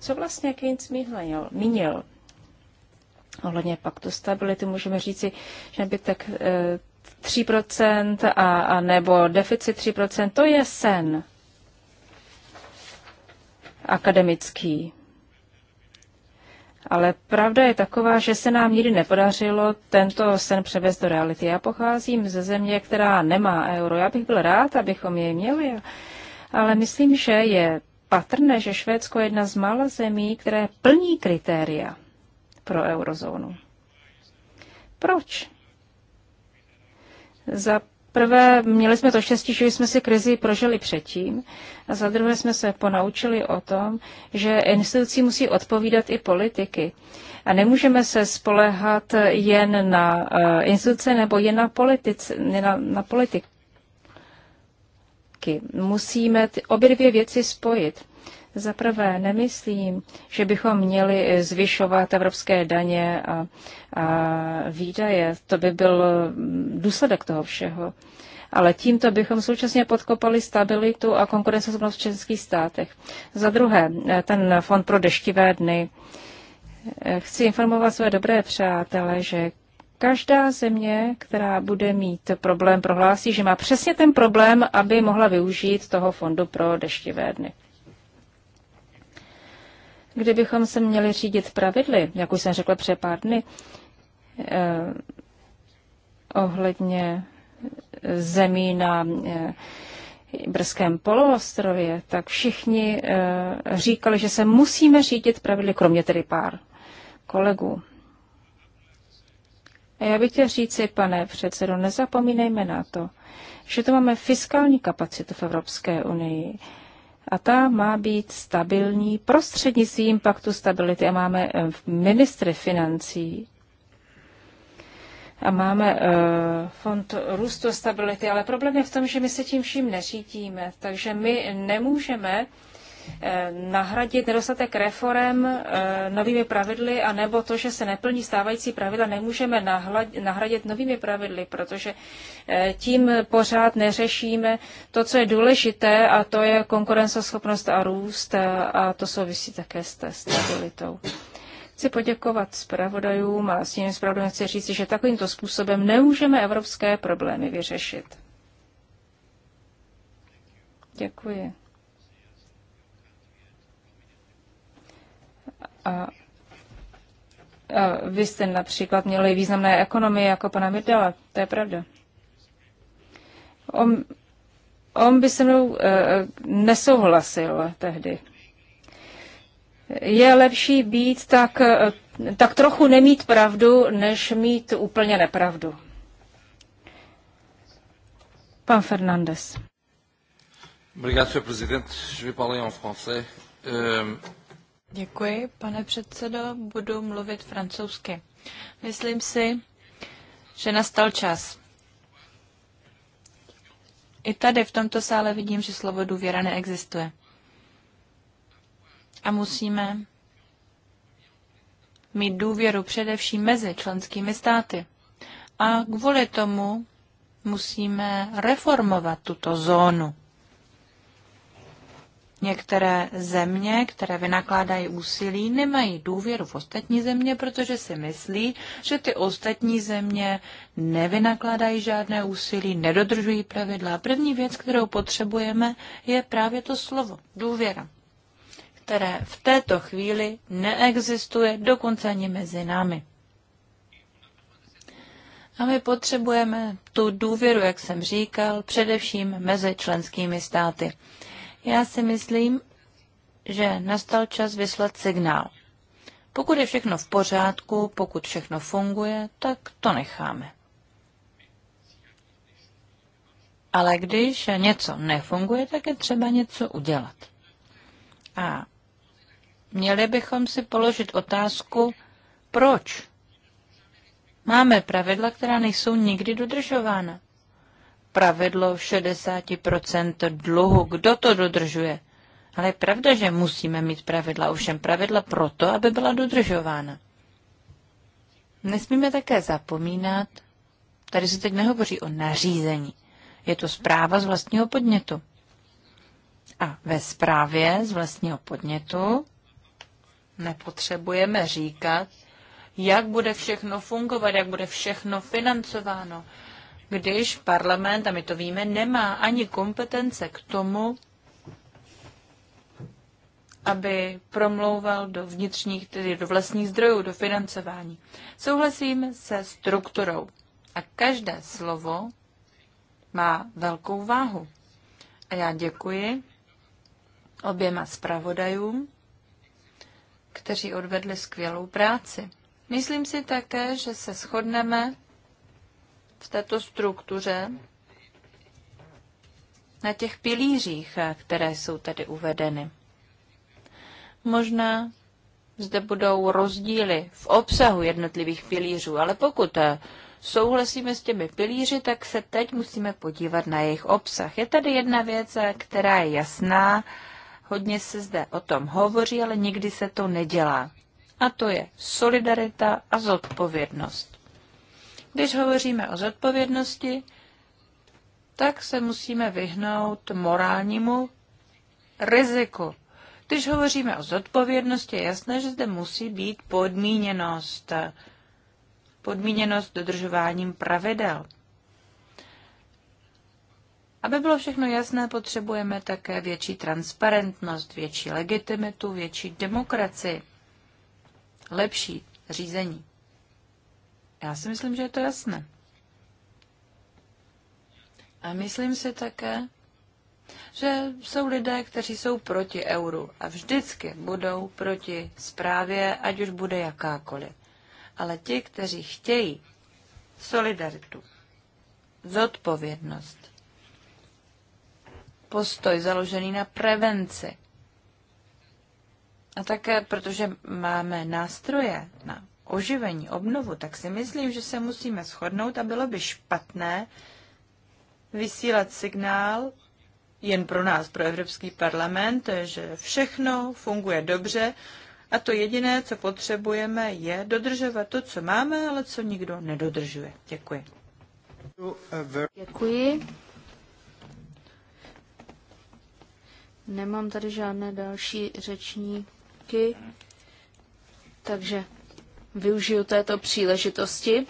Co vlastně Keynes mínil? mínil? Ohledně paktu stability můžeme říci, že by tak e, eh, 3% a, a nebo deficit 3%, to je sen akademický. Ale pravda je taková, že se nám nikdy nepodařilo tento sen převést do reality. Já pocházím ze země, která nemá euro. Já bych byl rád, abychom jej měli, ale myslím, že je patrné, že Švédsko je jedna z mála zemí, které plní kritéria pro eurozónu. Proč? Za prvé měli jsme to štěstí, že jsme si krizi prožili předtím a za druhé jsme se ponaučili o tom, že institucí musí odpovídat i politiky. A nemůžeme se spolehat jen na uh, instituce nebo jen na, politici, na, na politiky. Musíme ty, obě dvě věci spojit. Za prvé, nemyslím, že bychom měli zvyšovat evropské daně a, a výdaje. To by byl mm, důsledek toho všeho. Ale tímto bychom současně podkopali stabilitu a konkurenceschopnost v českých státech. Za druhé, ten fond pro deštivé dny. Chci informovat své dobré přátelé, že každá země, která bude mít problém, prohlásí, že má přesně ten problém, aby mohla využít toho fondu pro deštivé dny. Kdybychom se měli řídit pravidly, jak už jsem řekla před pár dny, eh, ohledně zemí na eh, Brzkém poloostrově, tak všichni eh, říkali, že se musíme řídit pravidly, kromě tedy pár kolegů. A já bych chtěl říci, pane předsedo, nezapomínejme na to, že tu máme fiskální kapacitu v Evropské unii. Eh, a ta má být stabilní prostřednictvím paktu stability. A máme eh, ministry financí a máme uh, fond růstu stability, ale problém je v tom, že my se tím vším neřídíme, takže my nemůžeme Eh, nahradit nedostatek reform eh, novými pravidly, anebo to, že se neplní stávající pravidla, nemůžeme nahradit novými pravidly, protože eh, tím pořád neřešíme to, co je důležité, a to je konkurenceschopnost a růst, a to souvisí také s stabilitou. Chci poděkovat zpravodajům a s tím zpravodajům chci říct, že takovýmto způsobem nemůžeme evropské problémy vyřešit. Děkuji. A vy jste například měli významné ekonomie jako pana Mirdala, to je pravda. On, on by se mnou uh, nesouhlasil tehdy. Je lepší být tak, e, tak trochu nemít pravdu, než mít úplně nepravdu. Pan Fernandez. Obrigado, Sr. Presidente. Je vais parler en français. Euh, Děkuji, pane předsedo. Budu mluvit francouzsky. Myslím si, že nastal čas. I tady v tomto sále vidím, že slovo důvěra neexistuje. A musíme mít důvěru především mezi členskými státy. A kvůli tomu musíme reformovat tuto zónu. Některé země, které vynakládají úsilí, nemají důvěru v ostatní země, protože si myslí, že ty ostatní země nevynakládají žádné úsilí, nedodržují pravidla. První věc, kterou potřebujeme, je právě to slovo důvěra, které v této chvíli neexistuje dokonce ani mezi námi. A my potřebujeme tu důvěru, jak jsem říkal, především mezi členskými státy. Já si myslím, že nastal čas vyslat signál. Pokud je všechno v pořádku, pokud všechno funguje, tak to necháme. Ale když něco nefunguje, tak je třeba něco udělat. A měli bychom si položit otázku, proč? Máme pravidla, která nejsou nikdy dodržována pravidlo 60% dluhu. Kdo to dodržuje? Ale je pravda, že musíme mít pravidla, ovšem pravidla proto, aby byla dodržována. Nesmíme také zapomínat, tady se teď nehovoří o nařízení. Je to zpráva z vlastního podnětu. A ve zprávě z vlastního podnětu nepotřebujeme říkat, jak bude všechno fungovat, jak bude všechno financováno, když parlament, a my to víme, nemá ani kompetence k tomu, aby promlouval do vnitřních, tedy do vlastních zdrojů, do financování. Souhlasím se strukturou a každé slovo má velkou váhu. A já děkuji oběma zpravodajům, kteří odvedli skvělou práci. Myslím si také, že se shodneme v této struktuře na těch pilířích, které jsou tady uvedeny. Možná zde budou rozdíly v obsahu jednotlivých pilířů, ale pokud souhlasíme s těmi pilíři, tak se teď musíme podívat na jejich obsah. Je tady jedna věc, která je jasná, hodně se zde o tom hovoří, ale nikdy se to nedělá. A to je solidarita a zodpovědnost. Když hovoříme o zodpovědnosti, tak se musíme vyhnout morálnímu riziku. Když hovoříme o zodpovědnosti, je jasné, že zde musí být podmíněnost. Podmíněnost dodržováním pravidel. Aby bylo všechno jasné, potřebujeme také větší transparentnost, větší legitimitu, větší demokracii, lepší řízení. Já si myslím, že je to jasné. A myslím si také, že jsou lidé, kteří jsou proti euru a vždycky budou proti zprávě, ať už bude jakákoliv. Ale ti, kteří chtějí solidaritu, zodpovědnost, postoj založený na prevenci. A také, protože máme nástroje na oživení, obnovu, tak si myslím, že se musíme shodnout a bylo by špatné vysílat signál jen pro nás, pro Evropský parlament, že všechno funguje dobře a to jediné, co potřebujeme, je dodržovat to, co máme, ale co nikdo nedodržuje. Děkuji. Děkuji. Nemám tady žádné další řečníky, takže Využiju této příležitosti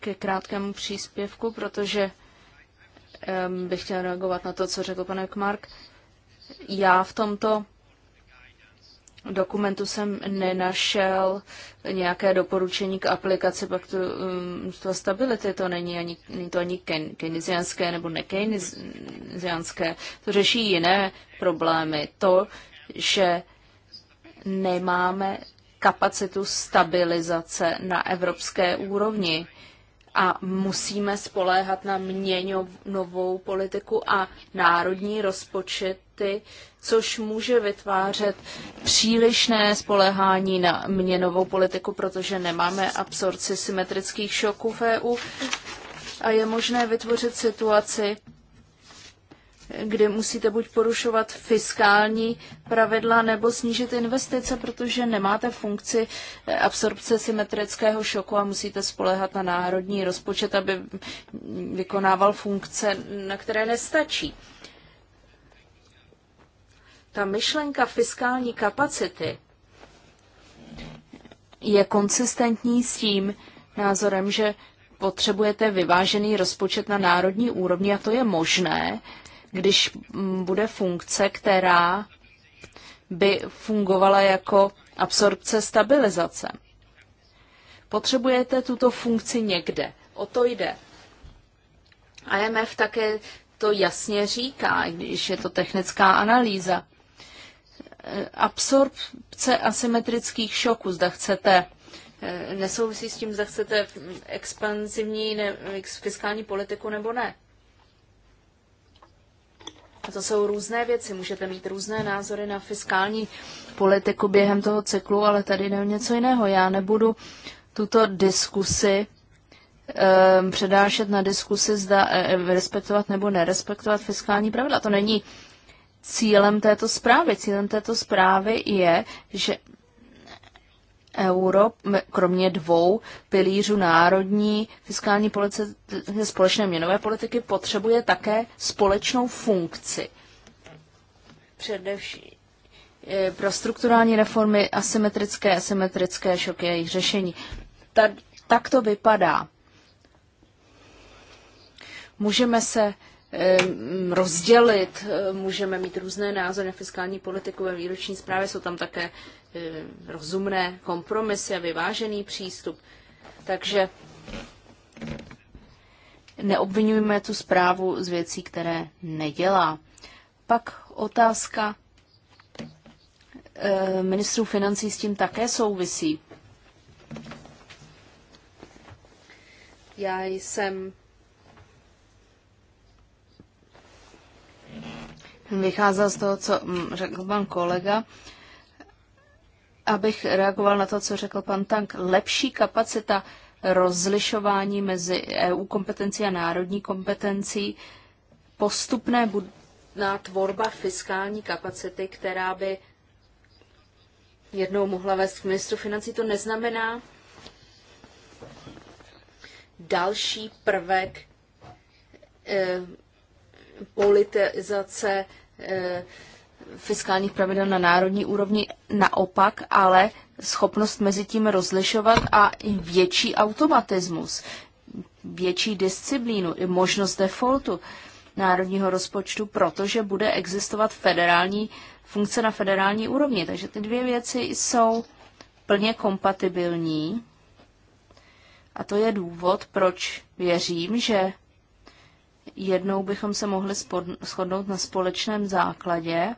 ke krátkému příspěvku, protože bych chtěl reagovat na to, co řekl pan Ekmark. Já v tomto dokumentu jsem nenašel nějaké doporučení k aplikaci paktu um, stability. To není, ani, není to ani keynesianské nebo nekeynesianské. To řeší jiné problémy. To, že nemáme kapacitu stabilizace na evropské úrovni a musíme spoléhat na měnovou politiku a národní rozpočety, což může vytvářet přílišné spolehání na měnovou politiku, protože nemáme absorci symetrických šoků v EU a je možné vytvořit situaci, kde musíte buď porušovat fiskální pravidla nebo snížit investice, protože nemáte funkci absorpce symetrického šoku a musíte spolehat na národní rozpočet, aby vykonával funkce, na které nestačí. Ta myšlenka fiskální kapacity je konsistentní s tím názorem, že potřebujete vyvážený rozpočet na národní úrovni a to je možné, když bude funkce, která by fungovala jako absorpce stabilizace. Potřebujete tuto funkci někde. O to jde. IMF také to jasně říká, když je to technická analýza. Absorpce asymetrických šoků, zda chcete, eh, nesouvisí s tím, zda chcete expanzivní ne, fiskální politiku nebo ne. To jsou různé věci, můžete mít různé názory na fiskální politiku během toho cyklu, ale tady jde něco jiného. Já nebudu tuto diskusi um, ehm, předášet na diskusi, zda e, e, respektovat nebo nerespektovat fiskální pravidla. To není cílem této zprávy. Cílem této zprávy je, že euro, kromě dvou pilířů národní fiskální politiky, společné měnové politiky, potřebuje také společnou funkci. Především e, pro strukturální reformy, asymetrické, asymetrické šoky a jejich řešení. Ta, tak to vypadá. Můžeme se e, rozdělit, e, můžeme mít různé názory na fiskální politiku ve výroční zprávě, jsou tam také Eh, rozumné kompromisy a vyvážený přístup. Takže neobvinujme tu zprávu z věcí, které nedělá. Pak otázka eh, ministrů financí s tím také souvisí. Já jsem vycházel z toho, co řekl pan kolega, abych reagoval na to, co řekl pan Tank. Lepší kapacita rozlišování mezi EU kompetencí a národní kompetencí, postupné na tvorba fiskální kapacity, která by jednou mohla vést k ministru financí, to neznamená další prvek eh, politizace eh, fiskálních pravidel na národní úrovni, naopak ale schopnost mezi tím rozlišovat a větší automatismus, větší disciplínu i možnost defaultu národního rozpočtu, protože bude existovat federální funkce na federální úrovni. Takže ty dvě věci jsou plně kompatibilní. A to je důvod, proč věřím, že jednou bychom se mohli shodnout na společném základě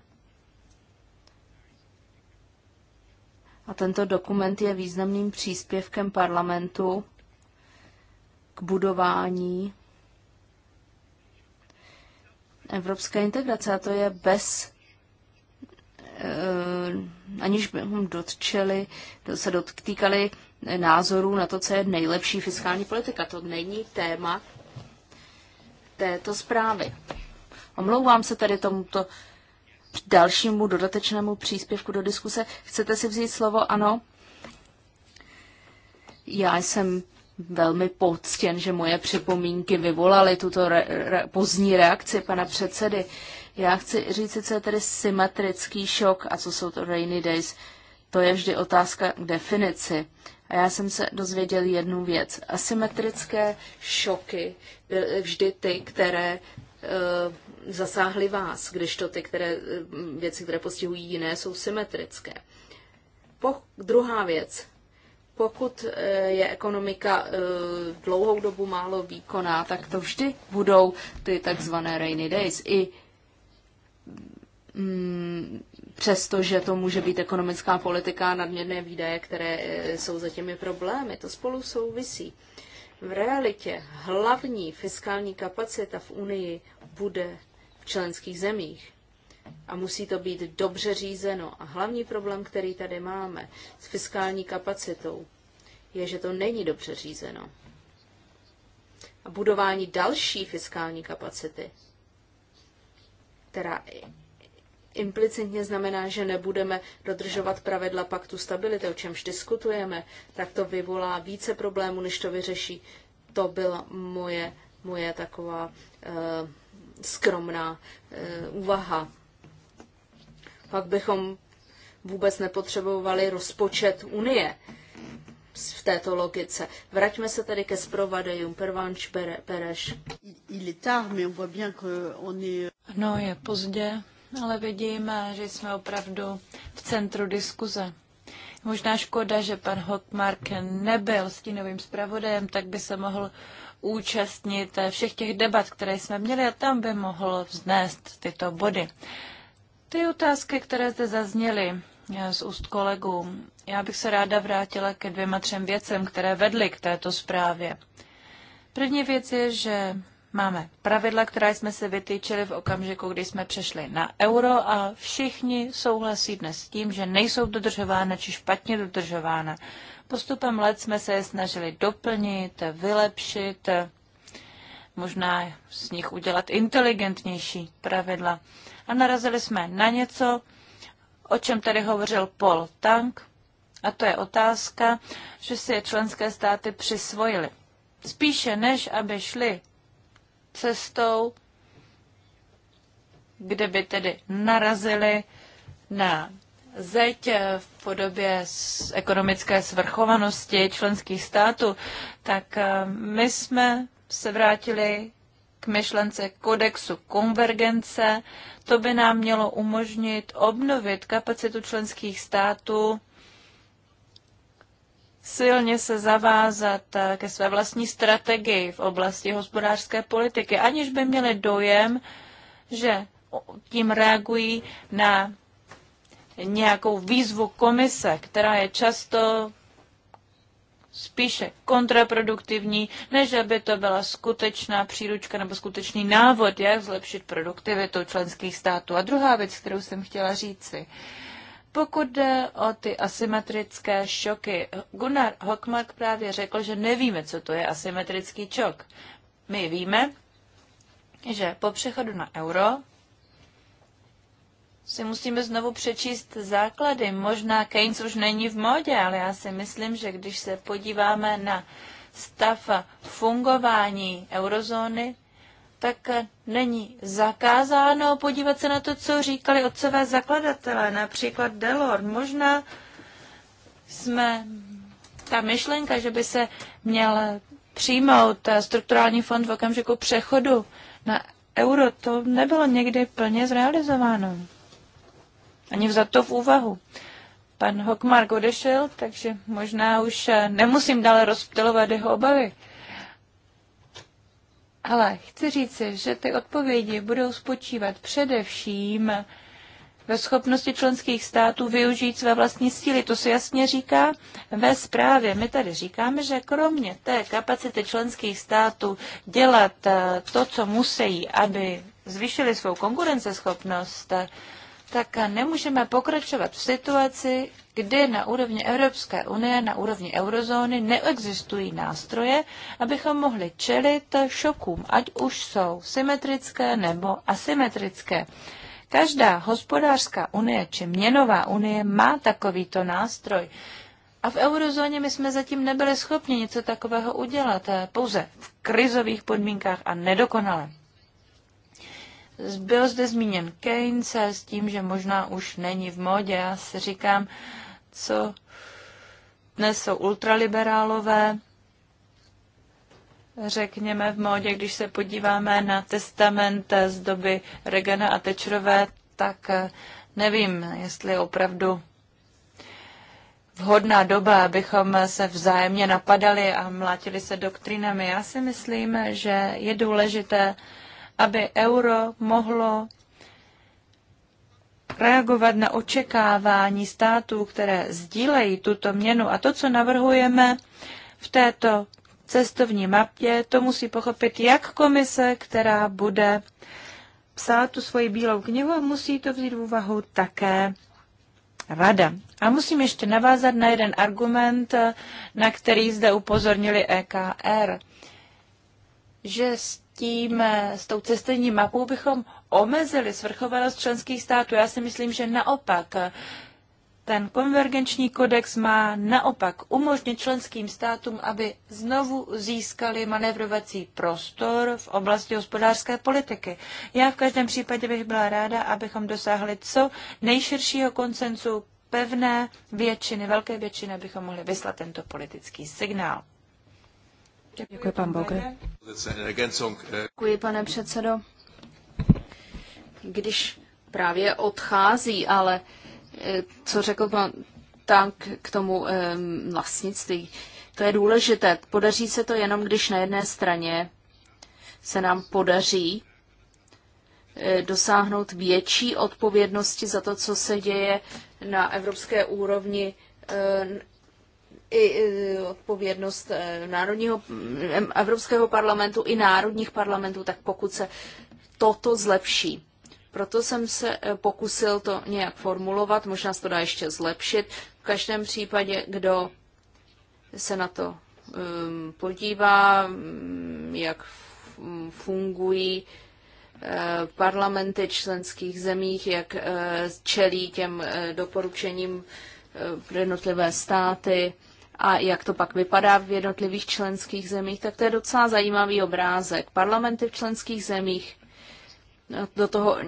A tento dokument je významným příspěvkem parlamentu k budování evropské integrace. A to je bez, eh, aniž bychom dotčeli, se dotýkali názorů na to, co je nejlepší fiskální politika. To není téma této zprávy. Omlouvám se tedy tomuto dalšímu dodatečnému příspěvku do diskuse. Chcete si vzít slovo? Ano. Já jsem velmi poctěn, že moje připomínky vyvolaly tuto re, re, pozdní reakci pana předsedy. Já chci říct, co je tedy symetrický šok a co jsou to rainy days. To je vždy otázka k definici. A já jsem se dozvěděl jednu věc. Asymetrické šoky byly vždy ty, které eh, zasáhly vás, když to ty které, eh, věci, které postihují jiné, jsou symetrické. Po, druhá věc. Pokud eh, je ekonomika eh, dlouhou dobu málo výkonná, tak to vždy budou ty takzvané rainy days. I mm, že to může být ekonomická politika a nadměrné výdaje, které jsou za těmi problémy. To spolu souvisí. V realitě hlavní fiskální kapacita v Unii bude členských zemích. A musí to být dobře řízeno. A hlavní problém, který tady máme s fiskální kapacitou, je, že to není dobře řízeno. A budování další fiskální kapacity, která implicitně znamená, že nebudeme dodržovat pravidla paktu stability, o čemž diskutujeme, tak to vyvolá více problémů, než to vyřeší. To byla moje, moje taková uh, skromná eh, úvaha. Pak bychom vůbec nepotřebovali rozpočet Unie v této logice. Vraťme se tedy ke zprovadejům. Pervanč Pereš. Euh, no, je pozdě, ale vidíme, že jsme opravdu v centru diskuze. Možná škoda, že pan Hotmark nebyl stínovým zpravodajem, tak by se mohl účastnit všech těch debat, které jsme měli a tam by mohl vznést tyto body. Ty otázky, které zde zazněly eh, z úst kolegů, já bych se ráda vrátila ke dvěma třem věcem, které vedly k této zprávě. První věc je, že máme pravidla, která jsme se vytýčili v okamžiku, kdy jsme přešli na euro a všichni souhlasí dnes s tím, že nejsou dodržována či špatně dodržována. Postupem let jsme se je snažili doplnit, vylepšit, možná z nich udělat inteligentnější pravidla. A narazili jsme na něco, o čem tady hovořil Paul Tank, a to je otázka, že si je členské státy přisvojily. Spíše než aby šli cestou, kde by tedy narazili na zeď eh, v podobě ekonomické svrchovanosti členských států, tak eh, my jsme se vrátili k myšlence kodexu konvergence. To by nám mělo umožnit obnovit kapacitu členských států silně se zavázat eh, ke své vlastní strategii v oblasti hospodářské politiky, aniž by měli dojem, že tím reagují na nějakou výzvu komise, která je často spíše kontraproduktivní, než aby to byla skutečná příručka nebo skutečný návod, jak zlepšit produktivitu členských států. A druhá věc, kterou jsem chtěla říci, pokud jde o ty asymetrické šoky, Gunnar Hockmark právě řekl, že nevíme, co to je asymetrický šok. My víme, že po přechodu na euro si musíme znovu přečíst základy. Možná Keynes už není v modě, ale já si myslím, že když se podíváme na stav fungování eurozóny, tak není zakázáno podívat se na to, co říkali otcové zakladatelé, například Delor. Možná jsme ta myšlenka, že by se měl přijmout strukturální fond v okamžiku přechodu na euro, to nebylo někdy plně zrealizováno ani vzat to v úvahu. Pan Hockmark odešel, takže možná už eh, nemusím dále rozptilovat jeho obavy. Ale chci říci, že ty odpovědi budou spočívat především ve schopnosti členských států využít své vlastní síly. To se jasně říká ve zprávě. My tady říkáme, že kromě té kapacity členských států dělat eh, to, co musí, aby zvýšili svou konkurenceschopnost, tak nemůžeme pokračovat v situaci, kdy na úrovni Evropské unie, na úrovni eurozóny neexistují nástroje, abychom mohli čelit šokům, ať už jsou symetrické nebo asymetrické. Každá hospodářská unie či měnová unie má takovýto nástroj. A v eurozóně my jsme zatím nebyli schopni něco takového udělat, pouze v krizových podmínkách a nedokonale. Byl zde zmíněn Keynes s tím, že možná už není v modě. Já si říkám, co dnes jsou ultraliberálové, řekněme v modě, když se podíváme na testament z doby Regana a Tečrové, tak eh, nevím, jestli je opravdu vhodná doba, abychom se vzájemně napadali a mlátili se doktrinami. Já si myslím, že je důležité aby euro mohlo reagovat na očekávání států, které sdílejí tuto měnu. A to, co navrhujeme v této cestovní mapě, to musí pochopit jak komise, která bude psát tu svoji bílou knihu, musí to vzít v úvahu také rada. A musím ještě navázat na jeden argument, na který zde upozornili EKR, že tím, eh, s tou cestovní mapou bychom omezili svrchovanost členských států. Já si myslím, že naopak eh, ten konvergenční kodex má naopak umožnit členským státům, aby znovu získali manevrovací prostor v oblasti hospodářské politiky. Já v každém případě bych byla ráda, abychom dosáhli co nejširšího koncensu pevné většiny, velké většiny, abychom mohli vyslat tento politický signál. Děkuji, pan Boge. Děkuji, pane předsedo. Když právě odchází, ale eh, co řekl pan Tank k tomu ehm, vlastnictví, to je důležité. Podaří se to jenom, když na jedné straně se nám podaří eh, dosáhnout větší odpovědnosti za to, co se děje na evropské úrovni eh, i odpovědnost eh, národního, eh, Evropského parlamentu i národních parlamentů, tak pokud se toto zlepší. Proto jsem se eh, pokusil to nějak formulovat, možná se to dá ještě zlepšit. V každém případě, kdo se na to ehm, podívá, mm, jak fungují parlamenty členských zemích, jak čelí těm doporučením jednotlivé státy, a jak to pak vypadá v jednotlivých členských zemích, tak to je docela zajímavý obrázek. Parlamenty v členských zemích no, do toho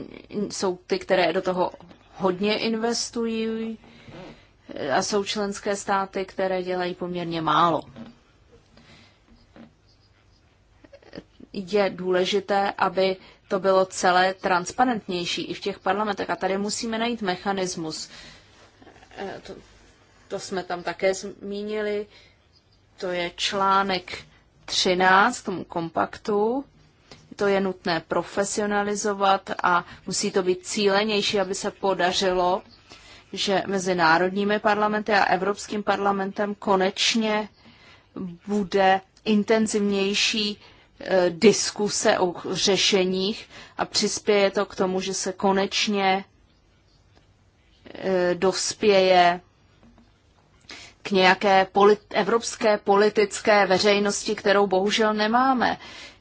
jsou ty, které do toho hodně investují a jsou členské státy, které dělají poměrně málo. Je důležité, aby to bylo celé transparentnější i v těch parlamentech. A tady musíme najít mechanismus. E, to jsme tam také zmínili, to je článek 13 tomu kompaktu. To je nutné profesionalizovat a musí to být cílenější, aby se podařilo, že mezi národními parlamenty a Evropským parlamentem konečně bude intenzivnější e, diskuse o řešeních a přispěje to k tomu, že se konečně e, dospěje k nějaké polit, evropské politické veřejnosti, kterou bohužel nemáme.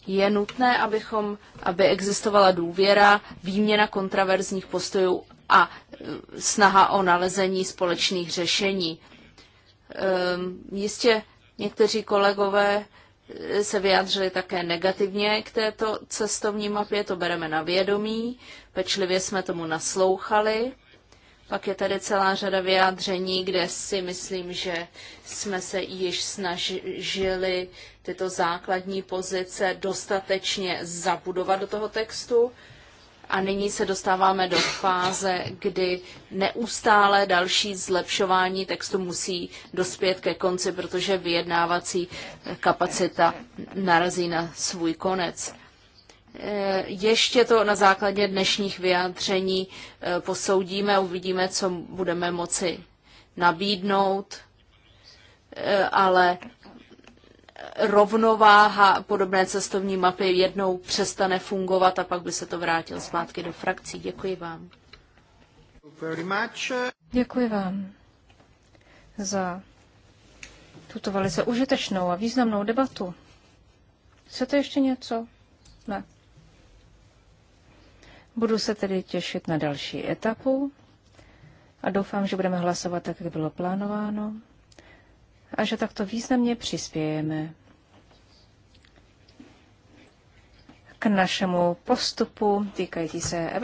Je nutné, abychom, aby existovala důvěra, výměna kontraverzních postojů a e, snaha o nalezení společných řešení. Ehm, jistě někteří kolegové e, se vyjádřili také negativně k této cestovní mapě, to bereme na vědomí, pečlivě jsme tomu naslouchali pak je tady celá řada vyjádření, kde si myslím, že jsme se již snažili tyto základní pozice dostatečně zabudovat do toho textu. A nyní se dostáváme do fáze, kdy neustále další zlepšování textu musí dospět ke konci, protože vyjednávací kapacita narazí na svůj konec. Eh, ještě to na základě dnešních vyjádření eh, posoudíme, uvidíme, co budeme moci nabídnout, eh, ale rovnováha podobné cestovní mapy jednou přestane fungovat a pak by se to vrátilo zpátky do frakcí. Děkuji vám. Děkuji vám za tuto velice užitečnou a významnou debatu. Chcete ještě něco? Ne. Budu se tedy těšit na další etapu a doufám, že budeme hlasovat tak, jak bylo plánováno a že takto významně přispějeme k našemu postupu týkající se